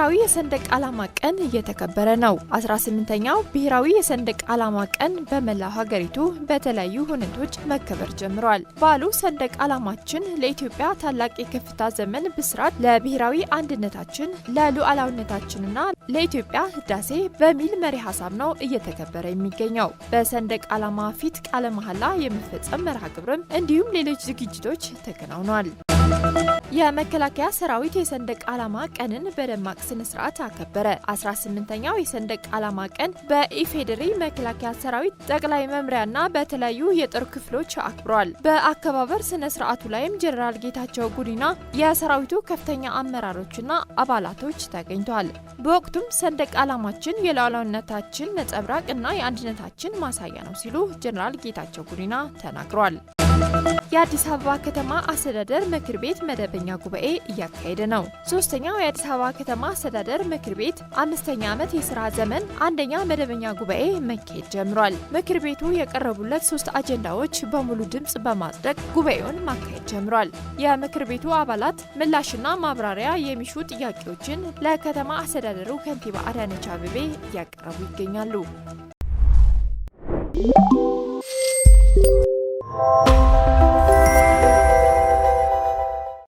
ብሔራዊ የሰንደቅ ዓላማ ቀን እየተከበረ ነው። 18ኛው ብሔራዊ የሰንደቅ ዓላማ ቀን በመላው ሀገሪቱ በተለያዩ ሁነቶች መከበር ጀምሯል። በዓሉ ሰንደቅ ዓላማችን ለኢትዮጵያ ታላቅ የከፍታ ዘመን ብስራት፣ ለብሔራዊ አንድነታችን፣ ለሉዓላዊነታችንና ለኢትዮጵያ ህዳሴ በሚል መሪ ሀሳብ ነው እየተከበረ የሚገኘው። በሰንደቅ ዓላማ ፊት ቃለ መሐላ የምፈጸም መርሃ ግብርም እንዲሁም ሌሎች ዝግጅቶች ተከናውኗል። የመከላከያ ሰራዊት የሰንደቅ ዓላማ ቀንን በደማቅ ስነ ስርዓት አከበረ። 18ኛው የሰንደቅ ዓላማ ቀን በኢፌዴሪ መከላከያ ሰራዊት ጠቅላይ መምሪያና በተለያዩ የጦር ክፍሎች አክብሯል። በአከባበር ስነ ስርዓቱ ላይም ጀኔራል ጌታቸው ጉዲና፣ የሰራዊቱ ከፍተኛ አመራሮችና አባላቶች ተገኝተዋል። በወቅቱም ሰንደቅ ዓላማችን የሉዓላዊነታችን ነጸብራቅ እና የአንድነታችን ማሳያ ነው ሲሉ ጀኔራል ጌታቸው ጉዲና ተናግሯል። የአዲስ አበባ ከተማ አስተዳደር ምክር ቤት መደበኛ ጉባኤ እያካሄደ ነው። ሶስተኛው የአዲስ አበባ ከተማ አስተዳደር ምክር ቤት አምስተኛ ዓመት የስራ ዘመን አንደኛ መደበኛ ጉባኤ መካሄድ ጀምሯል። ምክር ቤቱ የቀረቡለት ሶስት አጀንዳዎች በሙሉ ድምፅ በማጽደቅ ጉባኤውን ማካሄድ ጀምሯል። የምክር ቤቱ አባላት ምላሽና ማብራሪያ የሚሹ ጥያቄዎችን ለከተማ አስተዳደሩ ከንቲባ አዳነች አቤቤ እያቀረቡ ይገኛሉ።